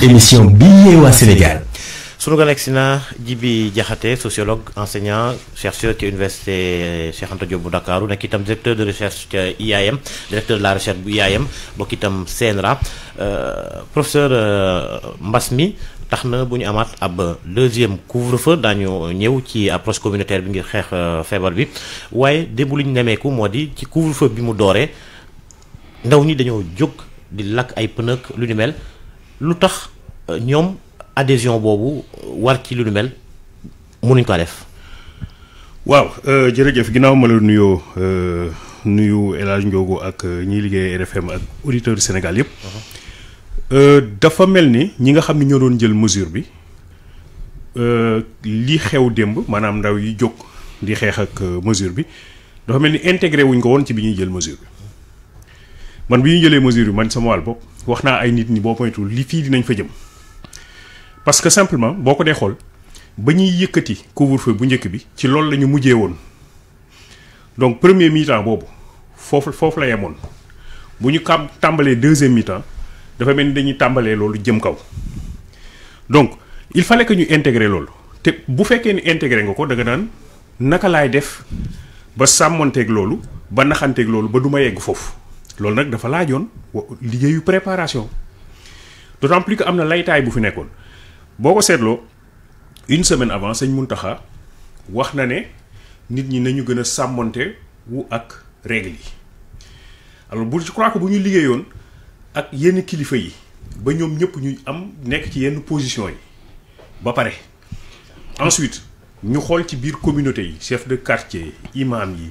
l'émission émission ou à Sénégal. sunu le galaxie si na sociologue enseignant chercheur de université Cheikh Anta Diop bu Ndakaaru quitté itam directeur de recherche ca IAM directeur de la recherche bu IAM bokk itam CNRA euh, professeur euh, Mbass mi bouni amat bu ab deuxième couvre-feu dañu ñew ci approche communautaire bi ngir xex euh, fièvre bi waye démb lu ñu ci couvre-feu bi mu doré ndaw ñi dañoo jog di lac ay pneu lu mel lutax euh, ñom adhésion bobu war ci lu nu mel mënuñ ko def. waaw euh, jërëjëf ginnaaw ma la nuyoo euh, nuyu El Hadj Ndiogo ak ñi liggéey RFM ak auditeur du Sénégal yëpp. Uh-huh. dafa mel ni ñi nga xam ne ñoo doon jël mesure bi li xew démb maanaam ndaw yi jóg di xeex ak mesure bi dafa mel ni intégré wuñ ko woon ci bi ñuy jël mesure bi man bi ñu jëlee mesure yi man sama wàll bopp wax naa ay nit ñi boo moytuwul li fii dinañ fa jëm parce que simplement boo ko dee xool ba ñuy yëkkati couvre-feu bu njëkk bi ci loolu la ñu mujjee woon donc premier mi-temps boobu foofu foofu la yemoon bu ñu kam tàmbalee deuxième mi-temps dafa mel ni dañuy tàmbalee loolu jëm kaw donc il fallait que ñu intégrer loolu te bu fekkee ni intégrer nga ko da nga naan naka laay def ba sàmmanteeg loolu ba naxanteeg loolu ba du ma yegg foofu loolu nag dafa laajoon liggéeyu préparation d'autant plus que am na laytaay bu fi nekkoon boo ko seetloo une semaine avant sëñ Muntaxa wax na ne nit ñi nañu gën a sàmmonte wu ak règle yi alors bu je crois que bu ñu liggéeyoon ak yenn kilifa yi ba ñoom ñëpp ñu am nekk ci yenn position yi ba pare ensuite ñu xool ci biir communauté yi chef de quartier imam yi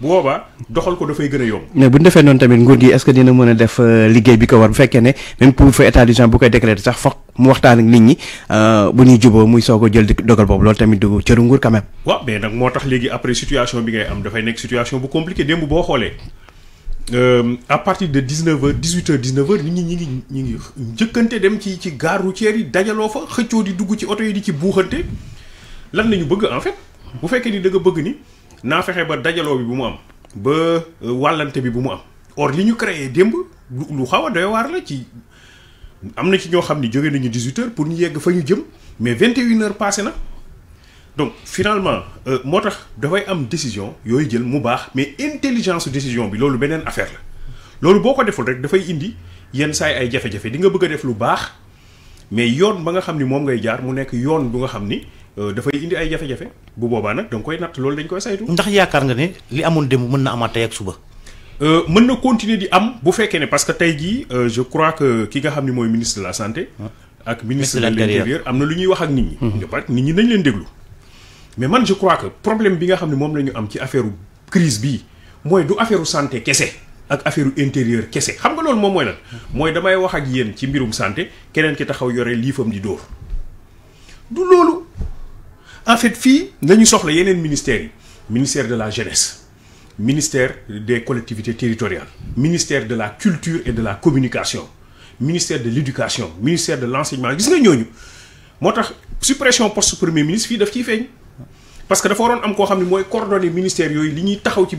doxal ko dafay a mais bu ñu defee tamit est-ce que dina mën def euh, liggéey bi ko war bu même pour fa état d'urgence bu koy décréter sax foog mu nit ñi euh, bu ñuy muy soog a jël dogal mais après situation bi ngay am situation bu compliquée démb boo xoolee euh, à partir de 19h 18h 19h nit ñi ñi ngi ñi ngi dem ci ci gare routière yi fa di dugg ci yi di ci la ñu bëgg en fait bu fekkee ni da ni naa fexe ba dajaloo bi bu mu am ba euh, wàllante bi bu mu am or li ñu créé démb lu xaw a doy waar la ci am na ci ñoo xam ni jóge nañu 18 heures pour ñu yegg fa ñu jëm mais 21 heures passé na donc finalement euh, moo tax dafay am décision yooyu jël mu baax mais intelligence décision bi loolu beneen affaire la loolu boo ko deful rek dafay indi yenn saay ay jafe-jafe di nga bëgg a def lu baax mais yoon ba nga xam ni moom ngay jaar mu nekk yoon bu nga xam ni Euh, dafay indi ay jafe-jafe bu boobaa nag da nga koy natt loolu dañ koy saytu. ndax yaakaar nga ne li amoon démb mën na amaat tey ak suba. Euh, mën na continuer di am bu fekkee ne parce que tey jii euh, je crois que ki nga xam ni mooy ministre de la santé. ak ministre de l'intérieur am na lu ñuy wax ak nit ñi. Mhm. nit ñi nañ leen déglu. mais man je crois que problème bi nga xam ne moom lañu am ci affaire crise bi mooy du affaire santé kese ak affaire intérieur kese xam nga lool moom mooy lan. mooy damay wax yéen ci mbirum santé keneen ki taxaw yore liifam di dóor en fait nous avons ñu soxla yeneen ministères ministère de la jeunesse ministère des collectivités territoriales ministère de la culture et de la communication ministère de l'éducation ministère de l'enseignement gis nga ñooñu moo suppression suppression poste premier ministre parce que nous avons am koo xam ne coordonner ministère yooyu li ñuy taxaw ci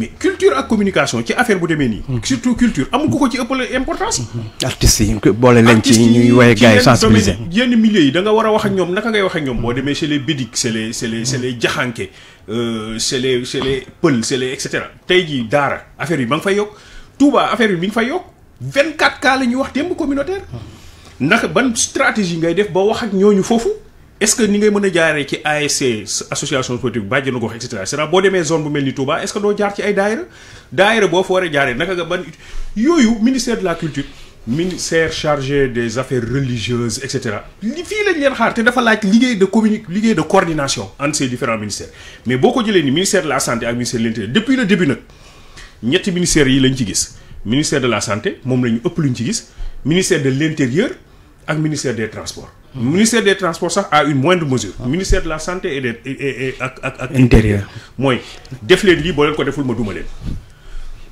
mais culture à communication qui affaire bu mm-hmm. surtout culture amul ko ci ëppale importance. Mm-hmm. artiste yi ci ñuy milieu yi da nga wara wax ak ñom naka wax c'est les bidik c'est les c'est les c'est les mm-hmm. euh, c'est les c'est les c'est les etc. tay ji affaire yi ma fay Touba affaire yi mi ngi fay 24 cas la communautaire. ban stratégie ngay def ba wax ak est-ce que ni ngay des associations ci ASC association politique cest la zone bu melni est-ce que do jaar ci ay daïra daïra bo ministère de la culture ministère chargé des affaires religieuses etc. li fi lañ leen xaar te dafa de de coordination entre ces différents ministères mais beaucoup ministère de la santé ak ministère de l'intérieur depuis le début nak ñetti ministères yi lañ ci gis ministère de la santé mom la luñ ci gis ministère de l'intérieur ak ministère des transports le ministère des Transports a une moindre mesure. Ah. ministère de la santé et des et ak ak ak. intérieur mooy def leen lii boo ko deful ma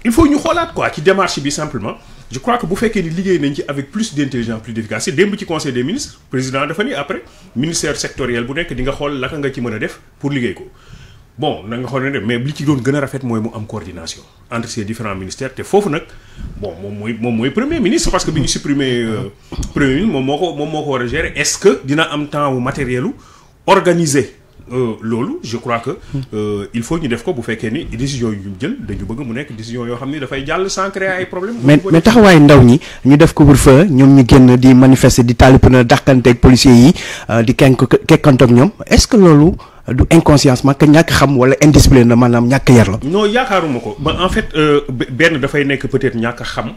il faut ñu xoolaat quoi ci démarche bi simplement je crois que bu faites ni liggéey avec plus d'intelligence, plus d'efficacité. Dès que ci conseil des ministres président la ni après ministère sectoriel bu nekk di nga xool laka nga ci mën def pour liggéey ko bon na nga xool mais li ci doon gëna rafet moy mu am coordination entre ces différents ministères té fofu nak bon mom moy mom moy premier ministre parce que bi ñu supprimer euh, premier ministre mom moko mom moko wara gérer est-ce que dina am temps ou matériel u organiser euh, lolu je crois que euh, il faut ñu def ko bu fekkee ni décision yu ñu jël dañu bëgg mu nekk décision yo xamni da fay jall sans créer ay problème mais mais taxawaayu ndaw ñi ñu def ko bur feu ñom ñu génn di manifester di taalipna ak policier yi di kenk kekkantoog ñom est-ce que lolu du inconscience ma ka ñàkk xam wala indiscipline manam ñak ñàkk yar la. non yaakaaruma ko ba en fait euh, da fay nek peut-être ñak xam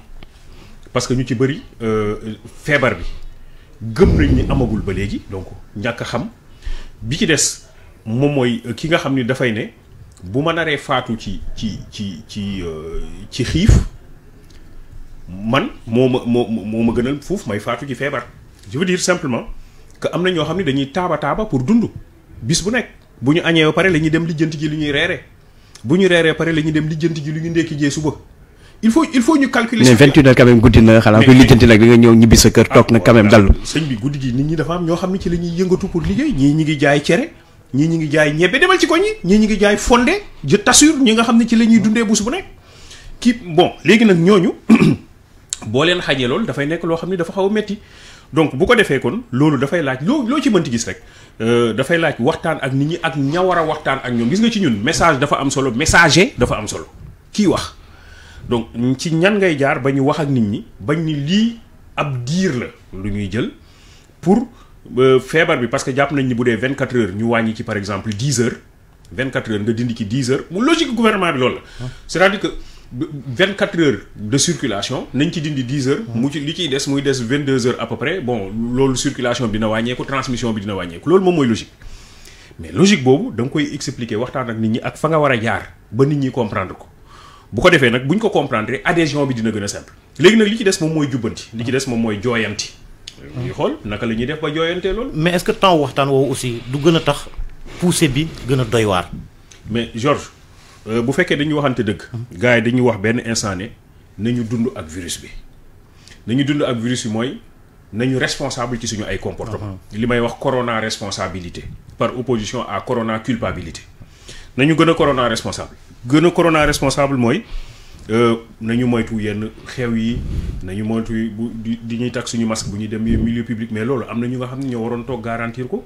parce que ñu ci euh fièvre bi gëm nañ ni amagul ba léegi donc ñak xam bi ci dess mom moy euh, ki nga xam ni fay ne bu ma naree faatu ci ci ci ci euh, ci xif man moma moma gënal fouf, may faatu ci fièvre je veux dire simplement que amna ño xamni dañuy taba taaba pour dundu bis bu nek buñu ñu añee ba pare la dem lijjanti ji lu ñuy reeree bu ñu reeree dem lijjanti ji lu ñu ndekki jee suba il faut il faut ñu calculer. mais 28 heures quand même guddi na xanaa kuy lijjanti nag nga ñew ñibi sa kër tok nag quand même ah, dallu. sëñ bi goudi gi nit ñi dafa am ño xamni ci lañuy yëngatu pour liggéey ñi ñi ngi jaay ciéré ñi ñi ngi jaay ñebbe demal ci ko ñi ñii ñi ngi jaay fondé je t'assure ñi nga xamni ci lañuy dundé dundee bés bu nekk ki bon légui nak ñoñu bo leen xajé loolu da fay loo lo xamni dafa xaw metti donc beaucoup de kon loolu dafay laaj loo qui ci mënti gis rek euh, faire laaj waxtaan ak ak gis nga message dafa am solo messager dafa am solo donc ci ñan ngay jaar ba wax ak nit ni ab la lu pour euh, faire parce que ni boudé 24 heures ñu wañi ci par exemple 10 heures 24 heures nga dindi 10 heures mu logique gouvernement ah. cest que 24 heures de circulation nañ ci dindi 10 heures. Hmm. mu ci li ciy des muy des 22 deux heures à peu près bon loolu circulation bi dina wàññeeku transmission bi dina wàññeeku loolu moom mooy logique. mais logique boobu da nga koy expliquer waxtaan ak nit ñi ak fa nga war a jaar ba nit ñi comprendre ko bu ko defee nag bu ñu ko comprendre adhésion bi dina gën a simple. léegi nag li ci des moom mooy jubbanti. li ci des moom mooy jooyanti. ñu hmm. xool naka la ñuy def ba jooyantee loolu. mais est-ce que temps waxtaan woowu aussi du gën a tax poussé bi gën a doy waar. mais Georges. Euh, bu fekkee dañuy waxante dëgg. gars yi dañuy wax benn instant ne nañu dund ak virus bi nañu dund ak virus bi mooy nañu responsable ci suñu ay comportement uh-huh. li may wax corona responsabilité. par opposition à corona culpabilité. nañu gën a corona responsable. gën a corona responsable mooy euh, nañu moytu yenn xew yi nañu moytu bu di ñuy takk suñu masque bu ñuy dem milieu public mais loolu am na ñu nga xam ne ñoo waroon toog garantir ko.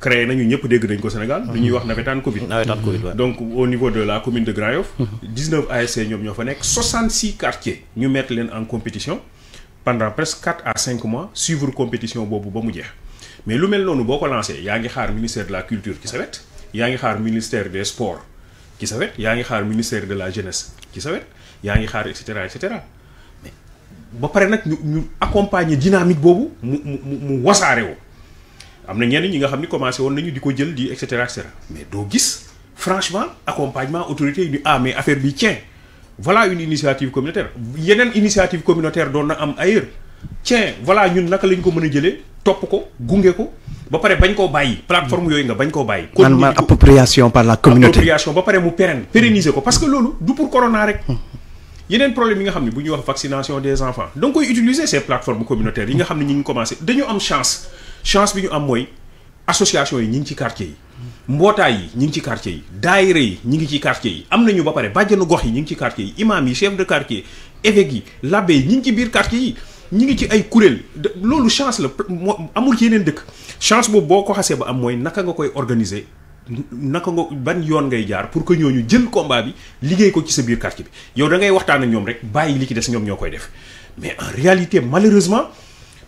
créé nañu ñëpp dégg nañ ko Sénégal. lu mhm. ñuy wax nawetaan Covid. Covid donc au niveau de la commune de Grayov, 19 mhm. ASC ñoom ñoo fa 66 quartiers ñu mettre leen en compétition pendant presque 4 à 5 mois suivre compétition boobu ba mu mais lu mel noonu boo ko lancé yaa ngi xaar ministère de la culture qui sa wet yaa ngi xaar ministère des sports qui s'appelle, il yaa ngi xaar ministère de la jeunesse qui s'appelle, wet yaa ngi xaar et cetera et cetera. ba pare nag ñu ñu accompagner dynamique boobu mu mu am na ñenn ñi nga xam ni commencé woon nañu di ko jël di et cetera et cetera mais doo gis franchement accompagnement autorité yi ah mais affaire bi tiens voilà une initiative communautaire yeneen initiative communautaire doon na am ailleurs tiens voilà ñun naka lañ ko mën a jëlee topp ko gunge ko ba pare bañ koo bàyyi plateforme yooyu nga bañ koo bàyyi man appropriation par la communauté appropriation ba pare mu pérenne pérenniser ko parce que loolu du pour corona rek hum. yeneen problème yi nga xam ne bu ñuy wax vaccination des enfants donc koy utiliser ces plateformes communautaires yi nga xam ne ñu ngi commencé dañu am chance chance bi ñu am moy association yi ñi ci quartier yi mbotay yi ñi ci quartier yi daire yi ñi ci quartier yi amna ñu ba pare bàjjenu gox yi ñi ci quartier yi imam yi chef de quartier évêque yi l'abbé yi ñi ci biir quartier yi ñi ngi ci ay kuréel lolu chance la amul ci yeneen dëkk chance boobu boo ko xasee ba am mooy naka nga koy organiser naka nga ban yoon ngay jaar pour que ñooñu jël combat bi liggéey ko ci sa biir quartier bi yow da ngay waxtaan ak ñoom rek bàyyi li ci des ñoom ñoo koy def mais en réalité malheureusement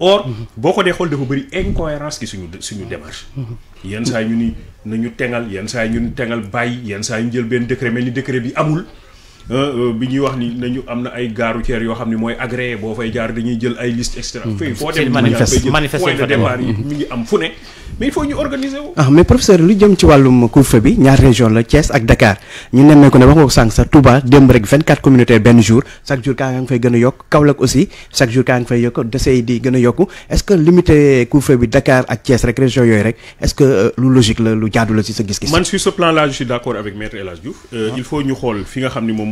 or boo ko dee xool dafa bëri incohérence ki suñu suñu démarche yenn saa ñu ni nañu tengal yenn saa ñu ni tengal bàyyi yenn saa ñu jël benn décret mel ni décret bi amul Euh, euh, bi ñuy wax ni nañu amna ay garu routière yo xamni moy agréé bo fay jaar dañuy jël ay liste etc mm-hmm. fay fo dem point de départ yi mm-hmm. mi ngi am fune mais il faut ñu organiser ah mais professeur lu jëm ci walum couvre bi ñaar région la Thiès ak Dakar ñu ko ne wax nga ko sànq sa Touba dem rek 24 communautés ben jour chaque jour kaa nga fay gëna yok kaolak aussi chaque jour kaa nga fay yokk desey di gëna yok est-ce que limiter couvre bi Dakar ak Thiès rek région yooyu rek est-ce que euh, lu logique la lu jaadu la ci sa gis-gis. man sur ce plan là je suis d'accord avec maître El Hadj Diouf. il faut ñu xol fi nga xamni ni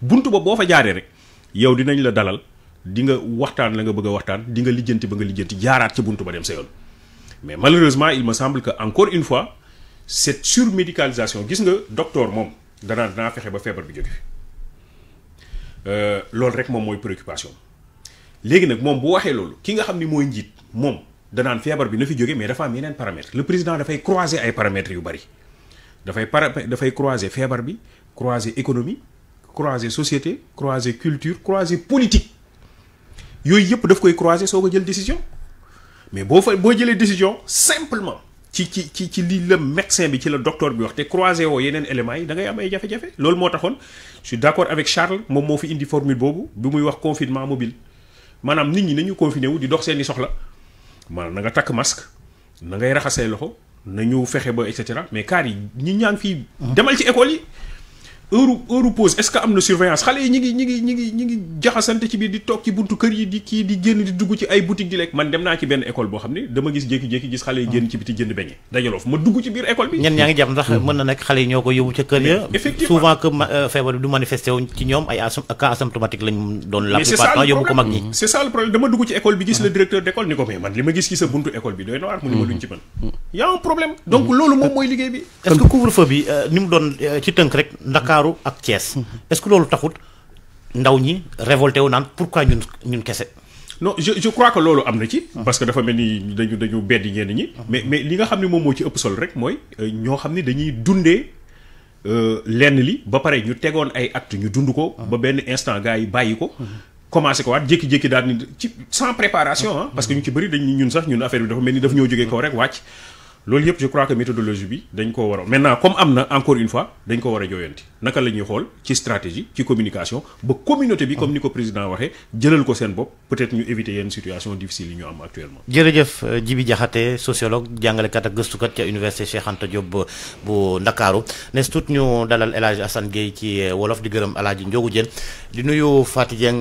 buntu ba boo fa jaaree rek yow dinañ la dalal di nga waxtaan la nga bëgg a waxtaan di nga lijeenti ba nga lijeenti jaaraat ci buntu ba dem sa yoon mais malheureusement il me semble que encore une fois cette surmédicalisation gis nga docteur mom danaa danaa fexé ba fièvre bi jóge euh lool rek mom moy préoccupation légui nak mom bu waxé lool ki nga xamni moy njit mom da danaan fièvre bi na fi jóge mais dafa am yeneen paramètres le président dafay croiser ay paramètres yu bari dafay para dafay croiser fièvre bi croiser économie croiser société croiser culture croiser politique yooyu yëpp daf koy croiser soko jël décision mais bo fa boo jëlee décision simplement ci ci ci ci li le médecin bi ci le docteur bi wax té croiser wo yenen élément yi da ngay am ay jafé jafé. loolu mo taxone je suis d'accord avec Charles mom mo fi indi formule bobu bi muy wax confinement mobile Manam nit ñi nañu confiner wu di dox seeni soxla maanaam na nga tak masque na ngay raxasee loxo na ñu fexe ba et cetera mais car yi ñi ñaa fi fii demal ci école yi heure heure pause est ce que amna surveillance xalé yi ñi ngi ñi ngi ñi ngi ñi ngi jaxasante ci biir di tok ci buntu kër yi di ki di génn di dugg ci ay boutique di lek. man dem naa ci benn école boo xam ne dama gis jéki jéki gis xalé yi génn ci biti jënd beñe dajalof ma dugg ci biir école bi ñen ñaa ngi jàpp ndax mën na nek xalé yi ñoo ko yóbbu ca kër ya souvent que euh, feebar bi du manifesté wu ci ñoom ay cas asymptomatique lañ doon la plupart temps yóbbu ko mag ñi c'est ça le problème dama dugg ci école bi gis le directeur d'école ni ko mais man li ma gis ci sa buntu école bi doy na waar mu ni ma mm-hmm. duñ ci man y a un problème donc mm-hmm. loolu moom mooy liggéey bi est ce que couvre feu bi euh, ni mu doon euh, ci tënk rek ndakaar ndakaaru ak Thiès. Mhm. est-ce que lolu taxout ndaw ñi révolté wu naan pourquoi ñun ñun kessé non je je crois que lolu amna ci. Ah. parce que dafa melni dañu dañu bedd ñenn ñi. Ah. mais mais li nga xamni mom mo ci ëpp sol rek moy euh, ño xamni dañuy dundé euh lenn li ba pare ñu tegoon ay acte ñu dund ko. Ah. ba ben instant gaay bayiko bàyyi ko. Mhm. commencé ko waat jékki-jékki daal ni sans préparation ah. parce que ñu ci bari dañ ñun sax ñun affaire bi dafa melni daf ñoo jógee ko rek wacc loolu yëpp je crois que méthodologie bi dañ koo waral maintenant comme am na encore une fois dañ ko war a jooyanti naka la ñuy xool ci stratégie ci communication ba communauté bi comme ni ko président waxee jëlal ko seen bopp peut-être ñu éviter yenn situation difficile yi ñu am actuellement. jërëjëf euh, Djibi Diakhaté sociologue jàngalekat ak gëstukat ci université Cheikh Anta Diop bu Ndakaaru nes tout ñu dalal El Hadj Assane Gueye ci euh, wolof di gërëm El Hadj Ndiogou Diène di nuyu Fatou Dieng